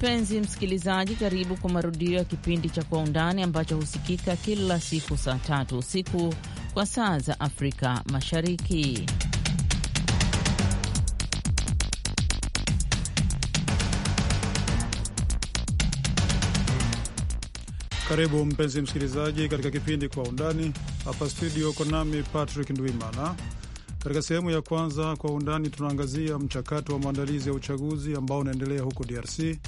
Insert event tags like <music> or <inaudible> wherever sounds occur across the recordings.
Mpenzi msikilizaji, karibu kwa marudio ya kipindi cha Kwa Undani ambacho husikika kila siku saa tatu usiku kwa saa za Afrika Mashariki. Karibu mpenzi msikilizaji, katika kipindi Kwa Undani. Hapa studio uko nami Patrick Ndwimana. Katika sehemu ya kwanza Kwa Undani tunaangazia mchakato wa maandalizi ya uchaguzi ambao unaendelea huko DRC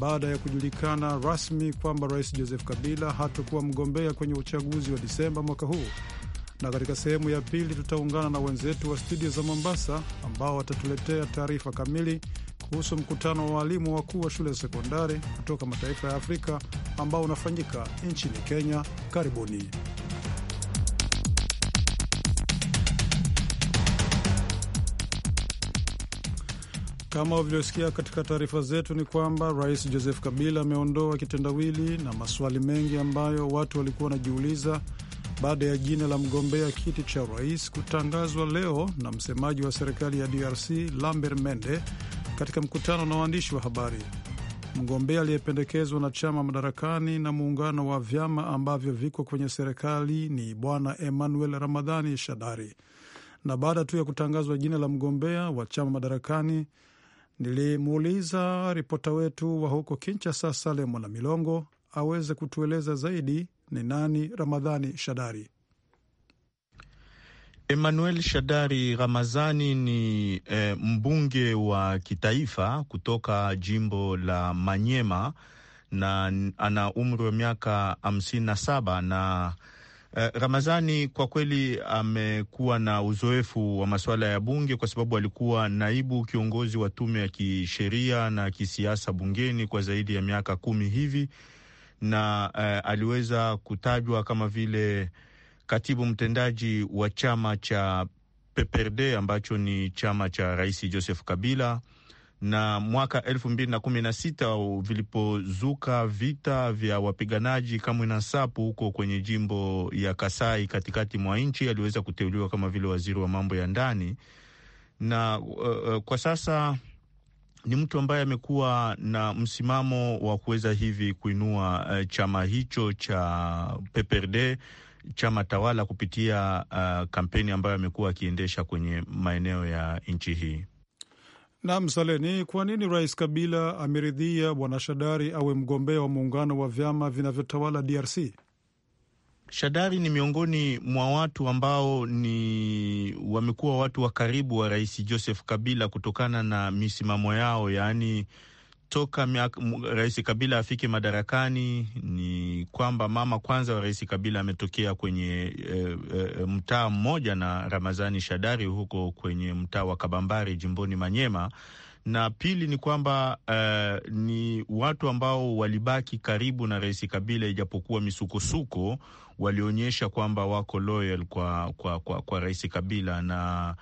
baada ya kujulikana rasmi kwamba Rais Joseph Kabila hatakuwa mgombea kwenye uchaguzi wa Disemba mwaka huu. Na katika sehemu ya pili tutaungana na wenzetu wa studio za Mombasa ambao watatuletea taarifa kamili kuhusu mkutano wa waalimu wakuu wa shule sekondari kutoka mataifa ya Afrika ambao unafanyika nchini Kenya. Karibuni. Kama ulivyosikia katika taarifa zetu, ni kwamba Rais Joseph Kabila ameondoa kitendawili na maswali mengi ambayo watu walikuwa wanajiuliza baada ya jina la mgombea kiti cha rais kutangazwa leo na msemaji wa serikali ya DRC Lambert Mende katika mkutano na waandishi wa habari. Mgombea aliyependekezwa na chama madarakani na muungano wa vyama ambavyo viko kwenye serikali ni Bwana Emmanuel Ramadhani Shadari, na baada tu ya kutangazwa jina la mgombea wa chama madarakani Nilimuuliza ripota wetu wa huko kinchasa Sale Mwana Milongo, aweze kutueleza zaidi ni nani Ramadhani Shadari. Emmanuel Shadari Ramazani ni e, mbunge wa kitaifa kutoka jimbo la Manyema na ana umri wa miaka hamsini na saba na Uh, eh, Ramazani kwa kweli amekuwa na uzoefu wa masuala ya bunge kwa sababu alikuwa naibu kiongozi wa tume ya kisheria na kisiasa bungeni kwa zaidi ya miaka kumi hivi, na uh, aliweza kutajwa kama vile katibu mtendaji wa chama cha PPRD ambacho ni chama cha Rais Joseph Kabila na mwaka elfu mbili na kumi na sita vilipozuka vita vya wapiganaji Kamwina Nsapu huko kwenye jimbo ya Kasai katikati mwa nchi, aliweza kuteuliwa kama vile waziri wa mambo ya ndani na uh, uh kwa sasa ni mtu ambaye amekuwa na msimamo wa kuweza hivi kuinua uh, chama hicho cha PPRD chama tawala kupitia uh, kampeni ambayo amekuwa akiendesha kwenye maeneo ya nchi hii. Nam saleni kwa nini Rais Kabila ameridhia Bwana Shadari awe mgombea wa muungano wa vyama vinavyotawala DRC? Shadari ni miongoni mwa watu ambao ni wamekuwa watu wa karibu wa Rais Joseph Kabila kutokana na misimamo yao, yaani toka Rais Kabila afike madarakani ni kwamba mama kwanza wa Rais Kabila ametokea kwenye e, e, e mtaa mmoja na Ramazani Shadari huko kwenye mtaa wa Kabambari jimboni Manyema, na pili ni kwamba e, ni watu ambao walibaki karibu na Rais Kabila ijapokuwa misukosuko, walionyesha kwamba wako loyal kwa, kwa, kwa, kwa Rais Kabila na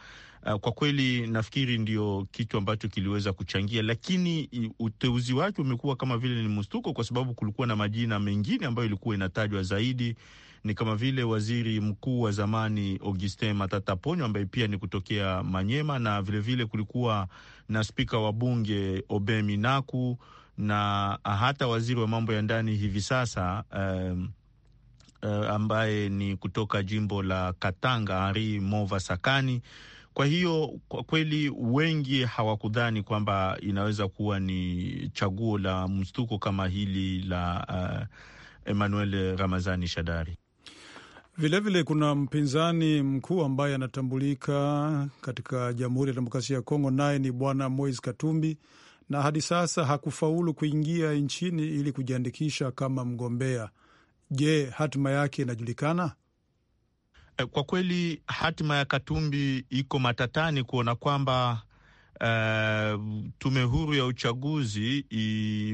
uh, kwa kweli nafikiri ndio kitu ambacho kiliweza kuchangia, lakini uteuzi wake umekuwa kama vile ni mshtuko, kwa sababu kulikuwa na majina mengine ambayo ilikuwa inatajwa zaidi ni kama vile waziri mkuu wa zamani Augustin Matata Ponyo ambaye pia ni kutokea Manyema, na vilevile vile kulikuwa na spika wa bunge Obemi Naku na hata waziri wa mambo ya ndani hivi sasa um, uh, ambaye ni kutoka jimbo la Katanga ari Mova Sakani kwa hiyo kwa kweli wengi hawakudhani kwamba inaweza kuwa ni chaguo la mshtuko kama hili la uh, Emmanuel Ramazani Shadari. Vilevile vile kuna mpinzani mkuu ambaye anatambulika katika Jamhuri ya Demokrasia ya Kongo, naye ni Bwana Moise Katumbi, na hadi sasa hakufaulu kuingia nchini ili kujiandikisha kama mgombea. Je, hatima yake inajulikana? Eh, kwa kweli hatima ya Katumbi iko matatani kuona kwamba uh, tume huru ya uchaguzi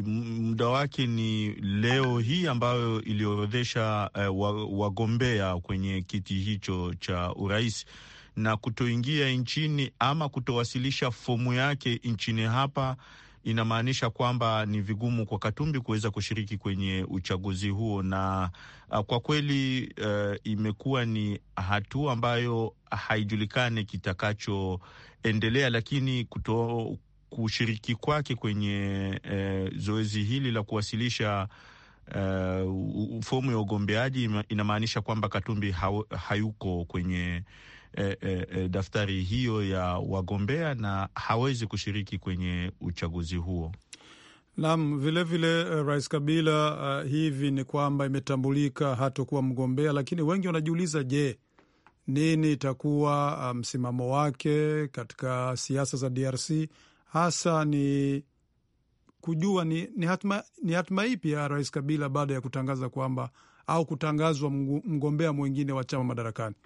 muda wake ni leo hii ambayo iliorodhesha uh, wagombea kwenye kiti hicho cha urais na kutoingia nchini ama kutowasilisha fomu yake nchini hapa inamaanisha kwamba ni vigumu kwa Katumbi kuweza kushiriki kwenye uchaguzi huo, na uh, kwa kweli uh, imekuwa ni hatua ambayo haijulikani kitakachoendelea, lakini kuto, kushiriki kwake kwenye uh, zoezi hili la kuwasilisha Uh, fomu ya ugombeaji inamaanisha kwamba Katumbi hayuko kwenye Eh, eh, eh, daftari hiyo ya wagombea na hawezi kushiriki kwenye uchaguzi huo. Naam, vilevile uh, eh, Rais Kabila uh, hivi ni kwamba imetambulika hatokuwa mgombea, lakini wengi wanajiuliza, je, nini itakuwa msimamo um, wake katika siasa za DRC hasa ni kujua ni, ni, hatma, ni hatma ipi ya Rais Kabila baada ya kutangaza kwamba au kutangazwa mgombea mwingine wa chama madarakani.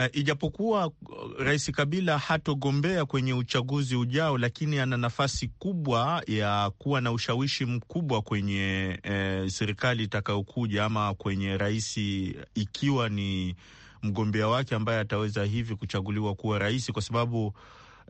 Uh, ijapokuwa eh, Rais Kabila hatogombea kwenye uchaguzi ujao, lakini ana nafasi kubwa ya kuwa na ushawishi mkubwa kwenye eh, serikali itakayokuja ama kwenye rais, ikiwa ni mgombea wake ambaye ataweza hivi kuchaguliwa kuwa rais, kwa sababu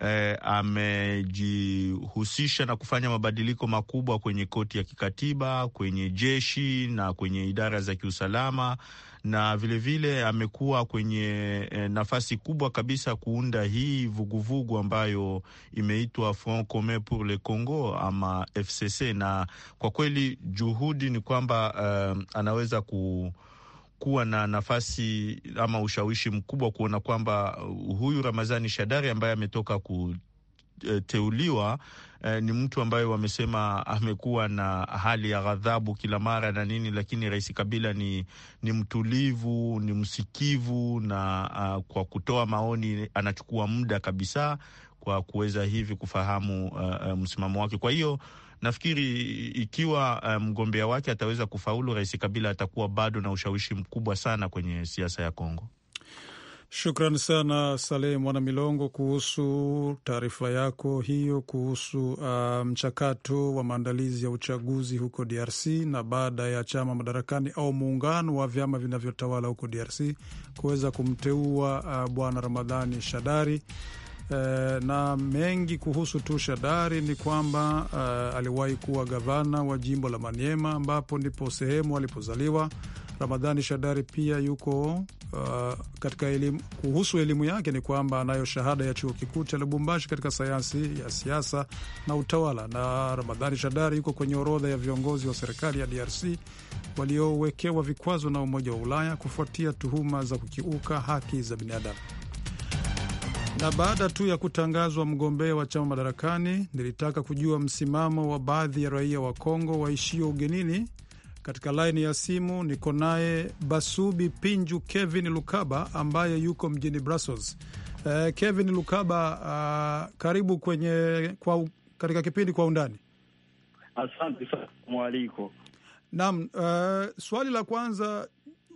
eh, amejihusisha na kufanya mabadiliko makubwa kwenye koti ya kikatiba, kwenye jeshi na kwenye idara za kiusalama na vilevile vile amekuwa kwenye eh, nafasi kubwa kabisa kuunda hii vuguvugu vugu ambayo imeitwa Front Commun pour le Congo ama FCC, na kwa kweli juhudi ni kwamba uh, anaweza ku kuwa na nafasi ama ushawishi mkubwa kuona kwamba uh, huyu Ramazani Shadari ambaye ametoka ku aliyeteuliwa eh, ni mtu ambaye wamesema amekuwa na hali ya ghadhabu kila mara na nini, lakini Rais Kabila ni, ni mtulivu, ni msikivu na uh, kwa kutoa maoni anachukua muda kabisa kwa kuweza hivi kufahamu uh, msimamo wake. Kwa hiyo nafikiri ikiwa eh, mgombea um, wake ataweza kufaulu, Rais Kabila atakuwa bado na ushawishi mkubwa sana kwenye siasa ya Kongo. Shukran sana Saleh Mwana Milongo kuhusu taarifa yako hiyo kuhusu uh, mchakato wa maandalizi ya uchaguzi huko DRC na baada ya chama madarakani au muungano wa vyama vinavyotawala huko DRC kuweza kumteua uh, Bwana Ramadhani Shadari Eh, na mengi kuhusu Tusha Dari ni kwamba uh, aliwahi kuwa gavana wa jimbo la Maniema ambapo ndipo sehemu alipozaliwa. Ramadhani Shadari pia yuko uh, katika elimu. Kuhusu elimu yake ni kwamba anayo shahada ya chuo kikuu cha Lubumbashi katika sayansi ya siasa na utawala, na Ramadhani Shadari yuko kwenye orodha ya viongozi wa serikali ya DRC waliowekewa vikwazo na Umoja wa Ulaya kufuatia tuhuma za kukiuka haki za binadamu. Na baada tu ya kutangazwa mgombea wa chama madarakani, nilitaka kujua msimamo wa baadhi ya raia wa Kongo waishio ugenini. Katika laini ya simu niko naye Basubi Pinju Kevin Lukaba ambaye yuko mjini Brussels. Uh, Kevin Lukaba, uh, karibu kwenye kwa, katika kipindi kwa undani. Asante sana mwaliko. Naam, uh, swali la kwanza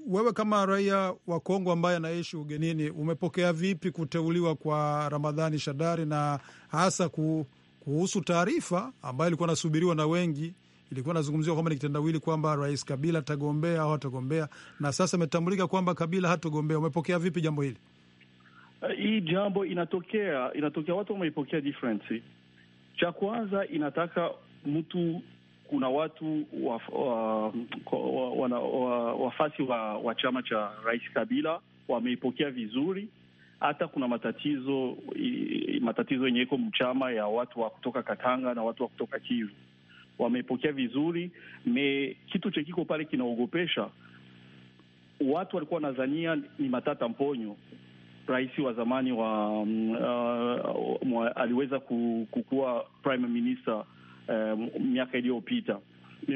wewe kama raia wa Kongo ambaye anaishi ugenini, umepokea vipi kuteuliwa kwa Ramadhani Shadari na hasa kuhusu taarifa ambayo ilikuwa nasubiriwa na wengi ilikuwa nazungumziwa kwamba ni kitendawili kwamba Rais Kabila atagombea au hatagombea, na sasa imetambulika kwamba Kabila hatogombea Umepokea vipi jambo hili? Eh, hii jambo inatokea inatokea, watu wameipokea Cha kwanza inataka mtu kuna watu wafasi wa, wa chama cha Rais Kabila wameipokea vizuri. Hata kuna matatizo matatizo yenye iko mchama ya watu wa kutoka Katanga na watu wa kutoka Kivu wameipokea vizuri me. Kitu chekiko pale kinaogopesha watu, walikuwa wanazania ni Matata Mponyo rais wa zamani wa, mm, uh, aliweza kukuwa prime minister um, miaka iliyopita.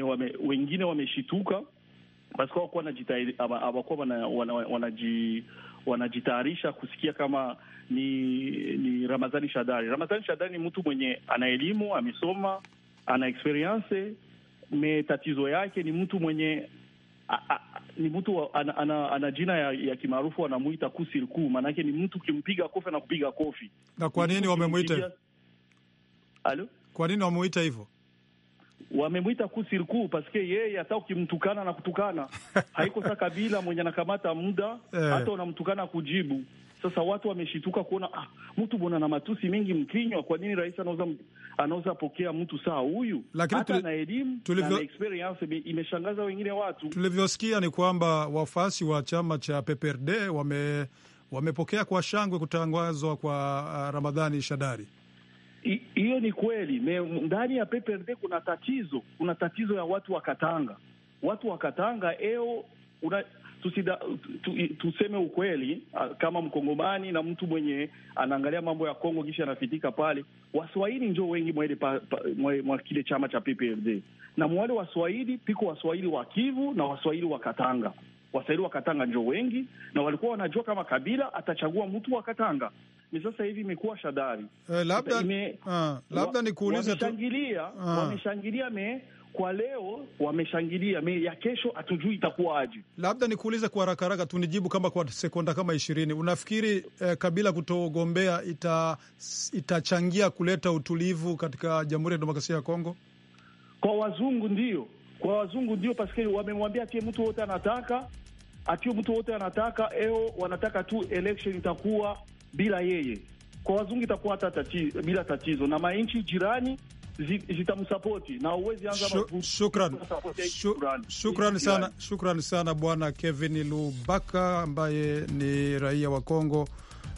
Wame, wengine wameshituka basi hawakuwa wanajitayarisha kusikia kama ni ni Ramadhani Shadari. Ramadhani Shadari ni mtu mwenye ana elimu, amesoma, ana experience me tatizo yake ni mtu mwenye a, a, ni mtu ana, ana, ana jina ya, ya kimaarufu anamwita kusir kuu, maanake ni mtu ukimpiga kofi na kupiga kofi. Na kwa nini wamemwita? Halo? Kwa nini wamuita hivyo? Wamemwita kusirku paske yeye hata ukimtukana na kutukana <laughs> haiko sa kabila mwenye anakamata muda eh, hata unamtukana kujibu. Sasa watu wameshituka kuona ah, mtu bona na matusi mengi mkinywa. Kwa nini rais anaweza anaweza pokea mtu saa huyu, lakini hata na elimu tulivyo... na experience imeshangaza wengine watu. Tulivyosikia ni kwamba wafasi wa chama cha PPRD wame wamepokea kwa shangwe kutangazwa kwa ah, Ramadhani Shadari. Hiyo ni kweli, ndani ya PPRD kuna tatizo, kuna tatizo ya watu wa Katanga. Watu wa Katanga eo una, tusida, tu, tuseme ukweli kama Mkongomani na mtu mwenye anaangalia mambo ya Kongo kisha anafitika pale, Waswahili njo wengi mwele pa, pa, mwe, mwa kile chama cha PPRD na mwale Waswahili piko Waswahili wa Kivu na Waswahili wa Katanga. Waswahili wa Katanga njo wengi, na walikuwa wanajua kama kabila atachagua mtu wa Katanga ni sasa hivi imekuwa shadari. Eh, labda ime, ah, labda nikuulize tu ah. wameshangilia me kwa leo wameshangilia me ya kesho hatujui aje. Labda nikuulize kwa haraka haraka, tunijibu kama kwa sekonda kama ishirini, unafikiri eh, Kabila kutogombea ita itachangia kuleta utulivu katika Jamhuri ya Demokrasia ya Kongo? Kwa wazungu ndio, kwa wazungu ndio, paske wamemwambia tie mtu wote anataka, atio mtu wote anataka eo, wanataka tu election itakuwa bila yeye, kwa wazungu itakuwa hata tati, bila tatizo, na manchi jirani zitamsapoti na uwezi anza magumu. Shukran, shukran sana, shukran sana Bwana Kevin Lubaka ambaye ni raia wa Kongo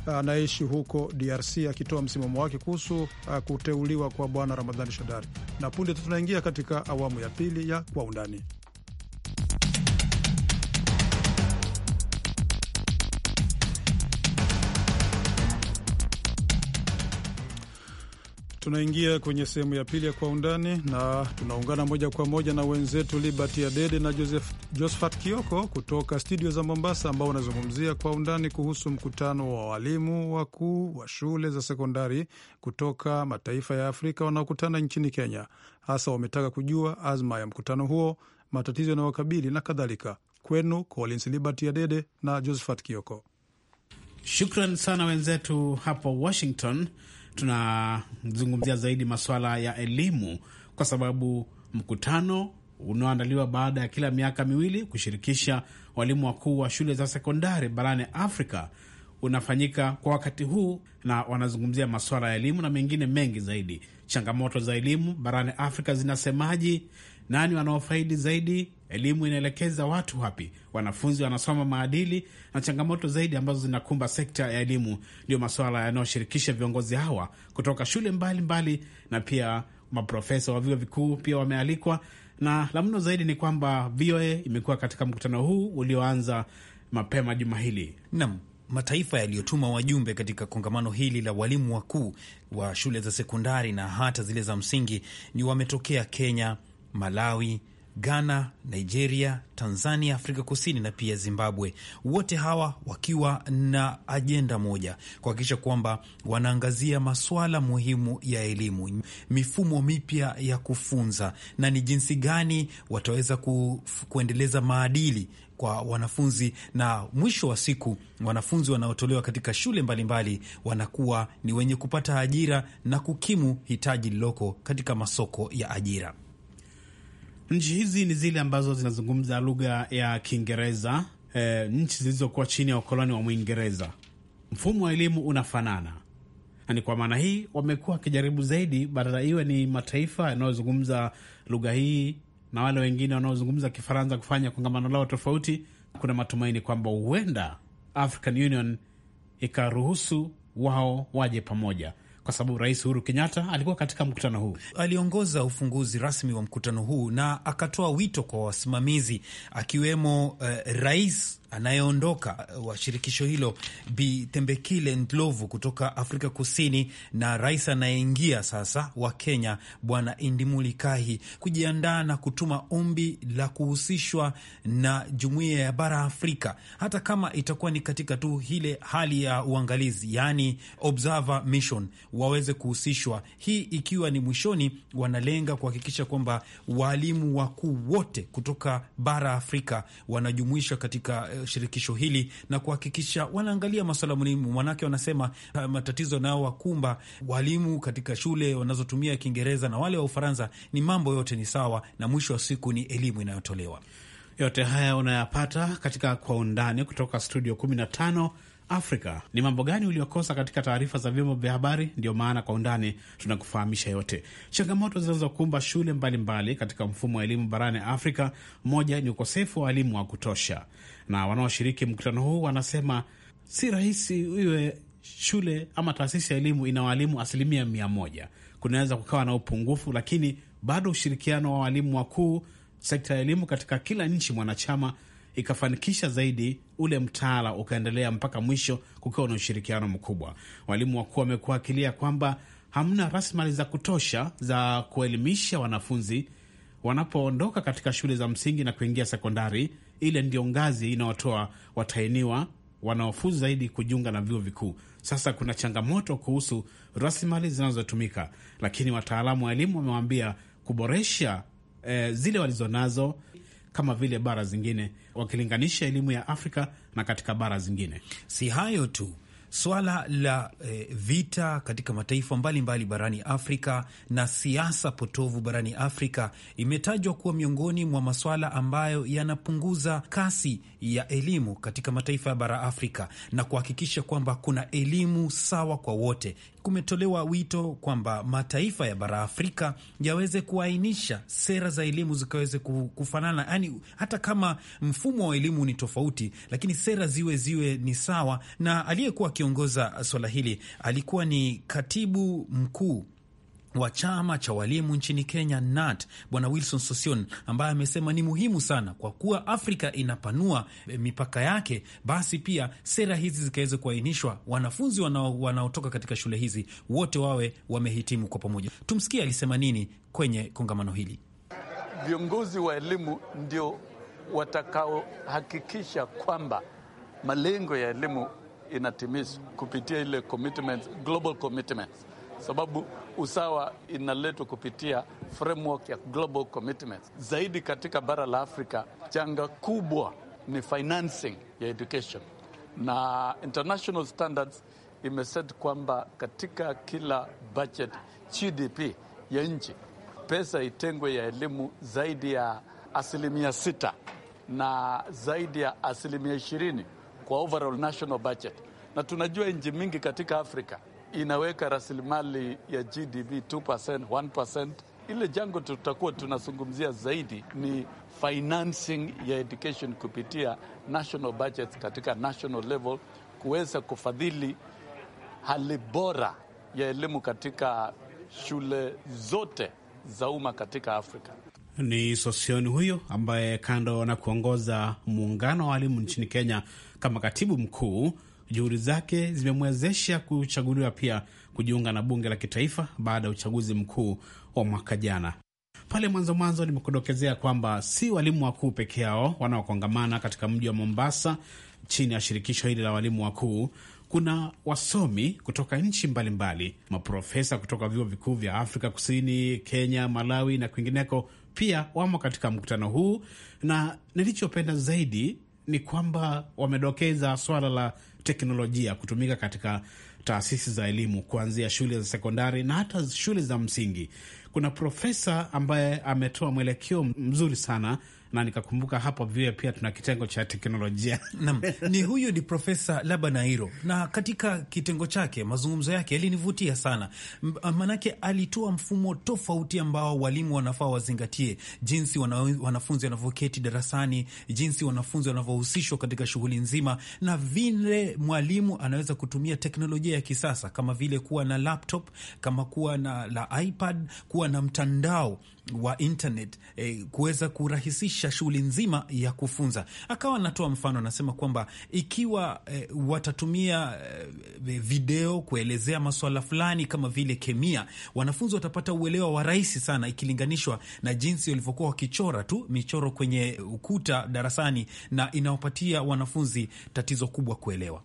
anaishi huko DRC akitoa msimamo wake kuhusu uh, kuteuliwa kwa Bwana Ramadhani Shadari. Na punde tu tunaingia katika awamu ya pili ya Kwa Undani. Tunaingia kwenye sehemu ya pili ya Kwa Undani na tunaungana moja kwa moja na wenzetu Liberty Adede na Joseph, Josephat Kioko kutoka studio za Mombasa, ambao wanazungumzia kwa undani kuhusu mkutano wa walimu wakuu wa shule za sekondari kutoka mataifa ya Afrika wanaokutana nchini Kenya. Hasa wametaka kujua azma ya mkutano huo, matatizo yanayokabili na kadhalika. Kwenu Collins Liberty Adede na Josephat Kioko. Shukran sana wenzetu hapo Washington tunazungumzia zaidi masuala ya elimu, kwa sababu mkutano unaoandaliwa baada ya kila miaka miwili kushirikisha walimu wakuu wa shule za sekondari barani Afrika unafanyika kwa wakati huu na wanazungumzia masuala ya elimu na mengine mengi zaidi. Changamoto za elimu barani Afrika zinasemaje? Nani wanaofaidi zaidi? elimu inaelekeza watu wapi, wanafunzi wanasoma maadili, na changamoto zaidi ambazo zinakumba sekta ya elimu ndio masuala yanayoshirikisha viongozi hawa kutoka shule mbalimbali mbali, na pia maprofesa wa vyuo vikuu pia wamealikwa, na la mno zaidi ni kwamba VOA imekuwa katika mkutano huu ulioanza mapema juma hili nam mataifa yaliyotuma wajumbe katika kongamano hili la walimu wakuu wa shule za sekondari na hata zile za msingi ni wametokea Kenya, Malawi, Ghana, Nigeria, Tanzania, Afrika Kusini na pia Zimbabwe, wote hawa wakiwa na ajenda moja, kuhakikisha kwamba wanaangazia masuala muhimu ya elimu, mifumo mipya ya kufunza na ni jinsi gani wataweza ku, kuendeleza maadili kwa wanafunzi na mwisho wa siku wanafunzi wanaotolewa katika shule mbalimbali mbali, wanakuwa ni wenye kupata ajira na kukimu hitaji lililoko katika masoko ya ajira. Nchi hizi ni zile ambazo zinazungumza lugha ya Kiingereza, e, nchi zilizokuwa chini ya ukoloni wa Mwingereza. Mfumo wa elimu unafanana, ni kwa maana hii wamekuwa wakijaribu zaidi, badala iwe ni mataifa yanayozungumza lugha hii na wale wengine wanaozungumza Kifaransa kufanya kongamano lao tofauti. Kuna matumaini kwamba huenda African Union ikaruhusu wao waje pamoja kwa sababu Rais Uhuru Kenyatta alikuwa katika mkutano huu, aliongoza ufunguzi rasmi wa mkutano huu na akatoa wito kwa wasimamizi akiwemo uh, rais anayeondoka uh, wa shirikisho hilo Bi Tembekile Ndlovu kutoka Afrika Kusini na rais anayeingia sasa wa Kenya Bwana Indimuli Kahi kujiandaa na kutuma ombi la kuhusishwa na jumuiya ya bara Afrika, hata kama itakuwa ni katika tu ile hali ya uangalizi, yaani observer mission, waweze kuhusishwa, hii ikiwa ni mwishoni, wanalenga kuhakikisha kwamba waalimu wakuu wote kutoka bara Afrika wanajumuishwa katika uh, shirikisho hili na kuhakikisha wanaangalia maswala muhimu, manake wanasema matatizo yanayowakumba walimu katika shule wanazotumia Kiingereza na wale wa Ufaransa, ni mambo yote ni sawa, na mwisho wa siku ni elimu inayotolewa. Yote haya unayapata katika Kwa Undani kutoka studio 15 Afrika. Ni mambo gani uliokosa katika taarifa za vyombo vya habari? Ndiyo maana kwa undani tunakufahamisha yote changamoto zinazokumba shule mbalimbali mbali katika mfumo wa elimu barani Afrika. Moja ni ukosefu wa walimu wa kutosha, na wanaoshiriki mkutano huu wanasema si rahisi iwe shule ama taasisi ya elimu ina walimu asilimia mia moja. Kunaweza kukawa na upungufu, lakini bado ushirikiano wa walimu wakuu sekta ya elimu katika kila nchi mwanachama ikafanikisha zaidi ule mtaala ukaendelea mpaka mwisho, kukiwa na ushirikiano mkubwa. Walimu wakuu wamekuwa akilia kwamba hamna rasilimali za kutosha za kuelimisha wanafunzi wanapoondoka katika shule za msingi na kuingia sekondari. Ile ndio ngazi inayotoa watainiwa wanaofuzu zaidi kujiunga na vyuo vikuu. Sasa kuna changamoto kuhusu rasilimali zinazotumika, lakini wataalamu wa elimu wamewaambia kuboresha eh, zile walizonazo kama vile bara zingine, wakilinganisha elimu ya Afrika na katika bara zingine. Si hayo tu swala la e, vita katika mataifa mbalimbali mbali barani Afrika na siasa potovu barani Afrika imetajwa kuwa miongoni mwa maswala ambayo yanapunguza kasi ya elimu katika mataifa ya bara Afrika na kuhakikisha kwamba kuna elimu sawa kwa wote. Kumetolewa wito kwamba mataifa ya bara Afrika yaweze kuainisha sera za elimu zikaweze kufanana, yani hata kama mfumo wa elimu ni tofauti, lakini sera ziwe ziwe ni sawa, na aliyekuwa akiongoza swala hili alikuwa ni katibu mkuu wa chama cha walimu nchini Kenya NAT, Bwana Wilson Sosion, ambaye amesema ni muhimu sana kwa kuwa Afrika inapanua eh, mipaka yake, basi pia sera hizi zikaweza kuainishwa, wanafunzi wanaotoka katika shule hizi wote wawe wamehitimu kwa pamoja. Tumsikie alisema nini kwenye kongamano hili. Viongozi wa elimu ndio watakaohakikisha kwamba malengo ya elimu inatimizwa kupitia ile commitment, global commitment, sababu usawa inaletwa kupitia framework ya global commitment. Zaidi katika bara la Afrika, janga kubwa ni financing ya education na international standards imeset kwamba katika kila budget GDP ya nchi pesa itengwe ya elimu zaidi ya asilimia sita na zaidi ya asilimia ishirini kwa overall national budget, na tunajua nchi mingi katika Afrika inaweka rasilimali ya GDP 2%, 1%. Ile jango tutakuwa tunazungumzia zaidi ni financing ya education kupitia national budgets katika national level, kuweza kufadhili hali bora ya elimu katika shule zote za umma katika Afrika. Ni Sosioni huyo ambaye kando na kuongoza muungano wa walimu nchini Kenya kama katibu mkuu. Juhudi zake zimemwezesha kuchaguliwa pia kujiunga na bunge la kitaifa baada ya uchaguzi mkuu wa mwaka jana. Pale mwanzo mwanzo nimekudokezea kwamba si walimu wakuu peke yao wanaokongamana katika mji wa Mombasa chini ya shirikisho hili la walimu wakuu. Kuna wasomi kutoka nchi mbalimbali, maprofesa kutoka vyuo vikuu vya Afrika Kusini, Kenya, Malawi na kwingineko pia wamo katika mkutano huu, na nilichopenda zaidi ni kwamba wamedokeza swala la teknolojia kutumika katika taasisi za elimu kuanzia shule za sekondari na hata shule za msingi. Kuna profesa ambaye ametoa mwelekeo mzuri sana na nikakumbuka hapo vile pia tuna kitengo cha teknolojia <laughs> nam ni huyu ni Profesa Labanairo, na katika kitengo chake mazungumzo yake yalinivutia sana, manake alitoa mfumo tofauti ambao walimu wanafaa wazingatie, jinsi wana, wanafunzi wanavyoketi darasani, jinsi wanafunzi wanavyohusishwa katika shughuli nzima, na vile mwalimu anaweza kutumia teknolojia ya kisasa kama vile kuwa na laptop, kama kuwa na la iPad, kuwa na mtandao wa internet eh, kuweza kurahisisha kuhamasisha shughuli nzima ya kufunza. Akawa anatoa mfano, anasema kwamba ikiwa eh, watatumia eh, video kuelezea masuala fulani kama vile kemia, wanafunzi watapata uelewa wa rahisi sana ikilinganishwa na jinsi walivyokuwa wakichora tu michoro kwenye ukuta darasani, na inawapatia wanafunzi tatizo kubwa kuelewa.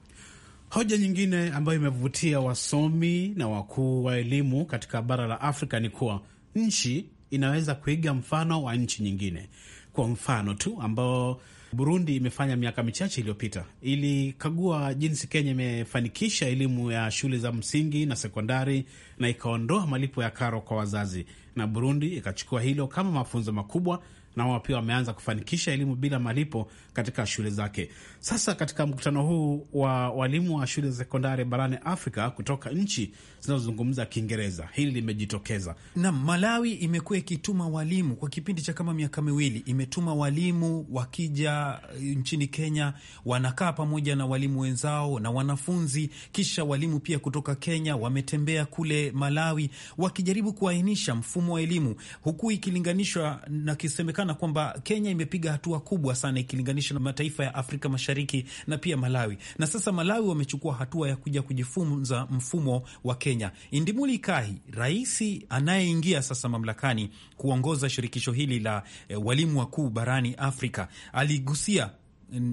Hoja nyingine ambayo imevutia wasomi na wakuu wa elimu katika bara la Afrika ni kuwa nchi inaweza kuiga mfano wa nchi nyingine kwa mfano tu ambao Burundi imefanya miaka michache iliyopita, ilikagua jinsi Kenya imefanikisha elimu ya shule za msingi na sekondari na ikaondoa malipo ya karo kwa wazazi, na Burundi ikachukua hilo kama mafunzo makubwa na wao pia wameanza kufanikisha elimu bila malipo katika shule zake. Sasa katika mkutano huu wa walimu wa shule za sekondari barani Afrika kutoka nchi zinazozungumza Kiingereza, hili limejitokeza. Naam, Malawi imekuwa ikituma walimu kwa kipindi cha kama miaka miwili, imetuma walimu wakija eh, nchini Kenya, wanakaa pamoja na walimu wenzao na wanafunzi, kisha walimu pia kutoka Kenya wametembea kule Malawi wakijaribu kuainisha mfumo wa elimu, huku ikilinganishwa na kisemekana kwamba Kenya imepiga hatua kubwa sana ikilinganishwa na mataifa ya Afrika Mashariki na pia Malawi. Na sasa Malawi wamechukua hatua ya kuja kujifunza mfumo wa Kenya. Indimuli Kahi, rais anayeingia sasa mamlakani kuongoza shirikisho hili la e, walimu wakuu barani Afrika, aligusia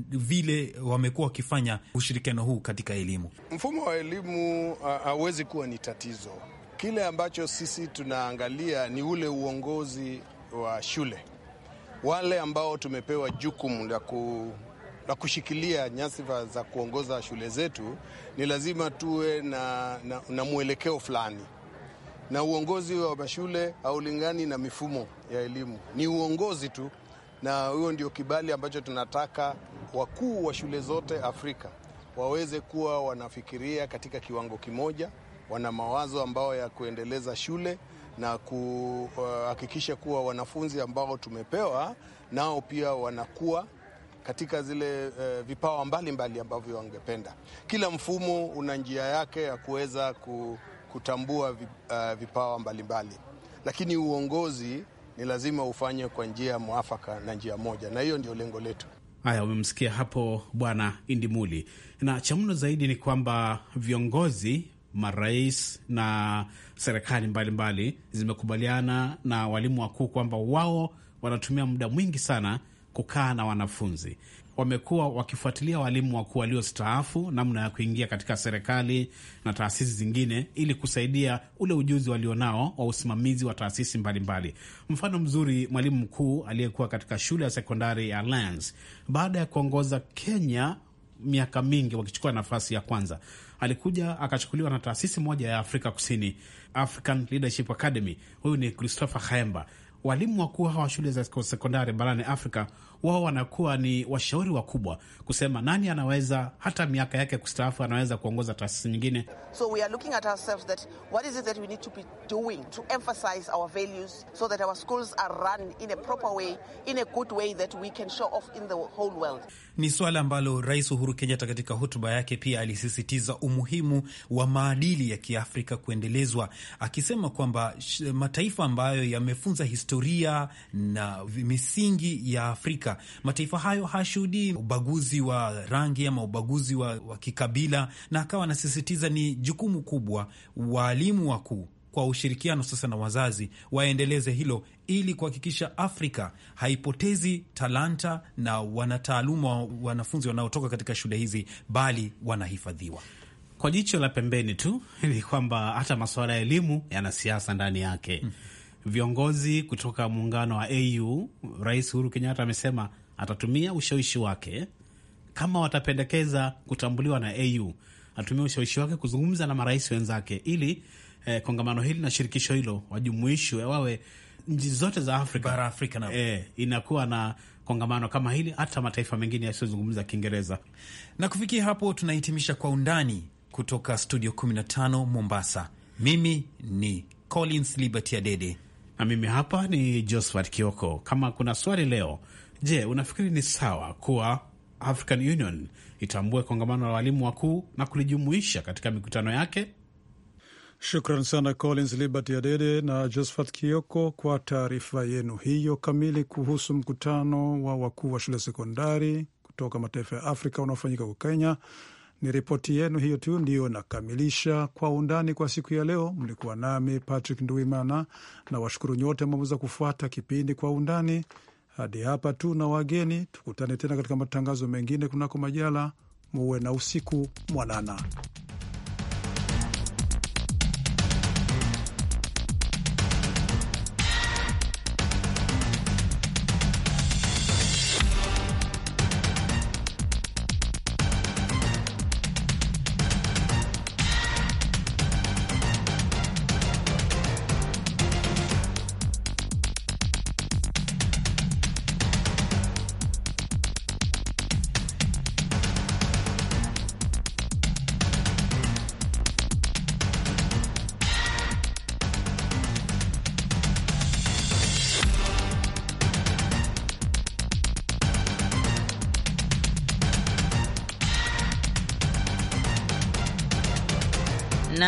vile wamekuwa wakifanya ushirikiano huu katika elimu. Mfumo wa elimu hauwezi kuwa ni tatizo. Kile ambacho sisi tunaangalia ni ule uongozi wa shule, wale ambao tumepewa jukumu la ku na kushikilia nyasifa za kuongoza shule zetu, ni lazima tuwe na, na, na mwelekeo fulani, na uongozi wa mashule haulingani na mifumo ya elimu, ni uongozi tu na hiyo ndio kibali ambacho tunataka wakuu wa shule zote Afrika waweze kuwa wanafikiria katika kiwango kimoja, wana mawazo ambayo ya kuendeleza shule na kuhakikisha kuwa wanafunzi ambao tumepewa nao pia wanakuwa katika zile uh, vipawa mbalimbali ambavyo wangependa. Kila mfumo una njia yake ya kuweza kutambua eh, vipawa mbalimbali mbali. Lakini uongozi ni lazima ufanye kwa njia mwafaka na njia moja, na hiyo ndio lengo letu. Haya, umemsikia hapo Bwana Indimuli, na cha mno zaidi ni kwamba viongozi marais na serikali mbalimbali zimekubaliana na walimu wakuu kwamba wao wanatumia muda mwingi sana kukaa na wanafunzi wamekuwa wakifuatilia walimu wakuu waliostaafu namna ya kuingia katika serikali na taasisi zingine ili kusaidia ule ujuzi walionao wa usimamizi wa taasisi mbalimbali. Mfano mzuri, mwalimu mkuu aliyekuwa katika shule ya sekondari ya Lens, baada ya kuongoza Kenya miaka mingi wakichukua nafasi ya kwanza, alikuja akachukuliwa na taasisi moja ya Afrika Kusini, African Leadership Academy. Huyu ni Christopher Khaemba. Walimu wakuu hawa wa shule za sekondari barani Afrika wao wanakuwa ni washauri wakubwa kusema nani anaweza hata miaka yake kustaafu anaweza kuongoza taasisi nyingine. So we are looking at ourselves that what is it that we need to be doing to emphasize our values so that our schools are run in a proper way, in a good way that we can show off in the whole world. Ni swala ambalo Rais Uhuru Kenyatta katika hotuba yake pia alisisitiza umuhimu wa maadili ya Kiafrika kuendelezwa, akisema kwamba mataifa ambayo yamefunza historia na misingi ya Afrika mataifa hayo hashuhudii ubaguzi wa rangi ama ubaguzi wa, wa kikabila, na akawa anasisitiza ni jukumu kubwa waalimu wakuu kwa ushirikiano sasa na wazazi waendeleze hilo ili kuhakikisha Afrika haipotezi talanta na wanataaluma wanafunzi wanaotoka katika shule hizi, bali wanahifadhiwa kwa jicho la pembeni tu. <laughs> Ni kwamba hata masuala ya elimu yana siasa ndani yake. mm -hmm viongozi kutoka muungano wa AU, Rais Uhuru Kenyatta amesema atatumia ushawishi wake kama watapendekeza kutambuliwa na AU, atumia ushawishi wake kuzungumza na marais wenzake ili eh, kongamano hili na shirikisho hilo wajumuishwe, wawe nchi zote za Afrika, bara Afrika na eh, inakuwa na kongamano kama hili, hata mataifa mengine yasiyozungumza Kiingereza. Na kufikia hapo tunahitimisha Kwa Undani kutoka studio 15 Mombasa. Mimi ni Collins Liberty Adede na mimi hapa ni Josephat Kioko. Kama kuna swali leo, je, unafikiri ni sawa kuwa African Union itambue kongamano la walimu wakuu na kulijumuisha katika mikutano yake? Shukran sana Collins Liberty Adede na Josephat Kioko kwa taarifa yenu hiyo kamili kuhusu mkutano wa wakuu wa shule sekondari kutoka mataifa ya Afrika unaofanyika kwa Kenya ni ripoti yenu hiyo tu ndiyo nakamilisha kwa undani kwa siku ya leo. Mlikuwa nami Patrick Nduimana na washukuru nyote mmeweza kufuata kipindi kwa undani hadi hapa tu, na wageni, tukutane tena katika matangazo mengine kunako majala. Muwe na usiku mwanana.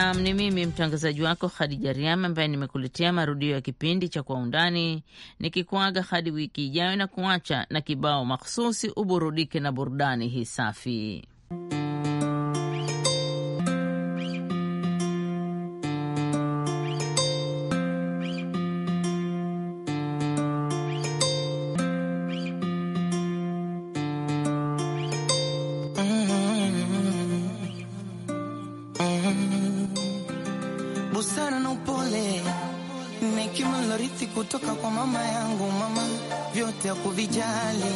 Naam, ni mimi mtangazaji wako Khadija Riama ambaye nimekuletea marudio ya kipindi cha Kwa Undani, nikikuaga hadi wiki ijayo na kuacha na kibao makhususi uburudike na burudani hii safi. kuvijali,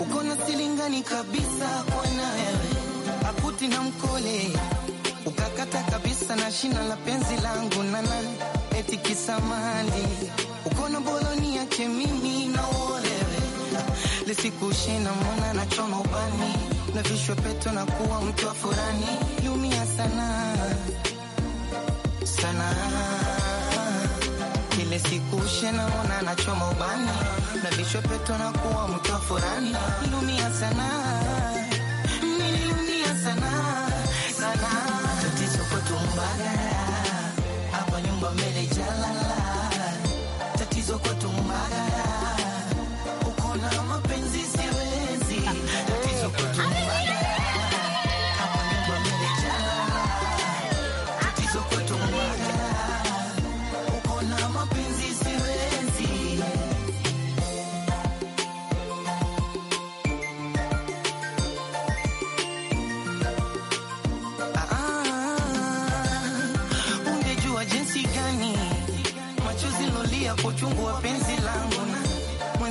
uko na silingani kabisa kwa wewe, akuti na mkole ukakata kabisa na shina la penzi langu nana, eti kisamali uko na boloni yake mimi na uolewe lisikushina mwana na choma ubani na vishwa peto na kuwa mtu wa furani lumia sana sana kile siku shena mwana na choma ubani na vichwa petu na kuwa mtafurani lumia sana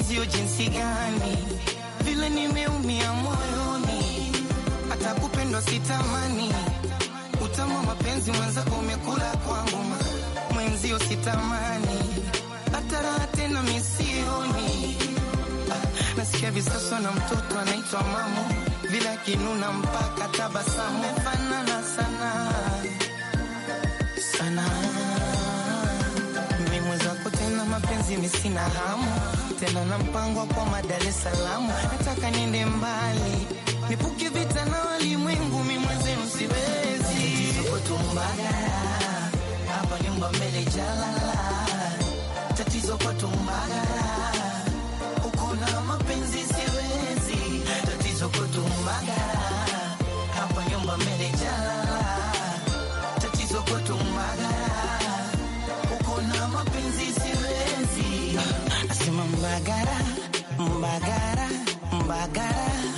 mwenzio jinsi gani vile nimeumia moyoni, hata kupendwa sitamani. Utamu mapenzi mwenzako umekula kwangu, mwenzio sitamani, hata raha tena misioni. Ah, nasikia visasa na mtoto anaitwa mamo, vile akinuna mpaka tabasamu, fanana sana sana na mapenzi misina hamu tena na mpango kwa madare salamu, nataka niende mbali nipuke vita na walimwengu, mi msiwezi tatizo kwa tumbaga hapa nyumba mbele jalala tatizo kwa tumbaga Bagara, Bagara.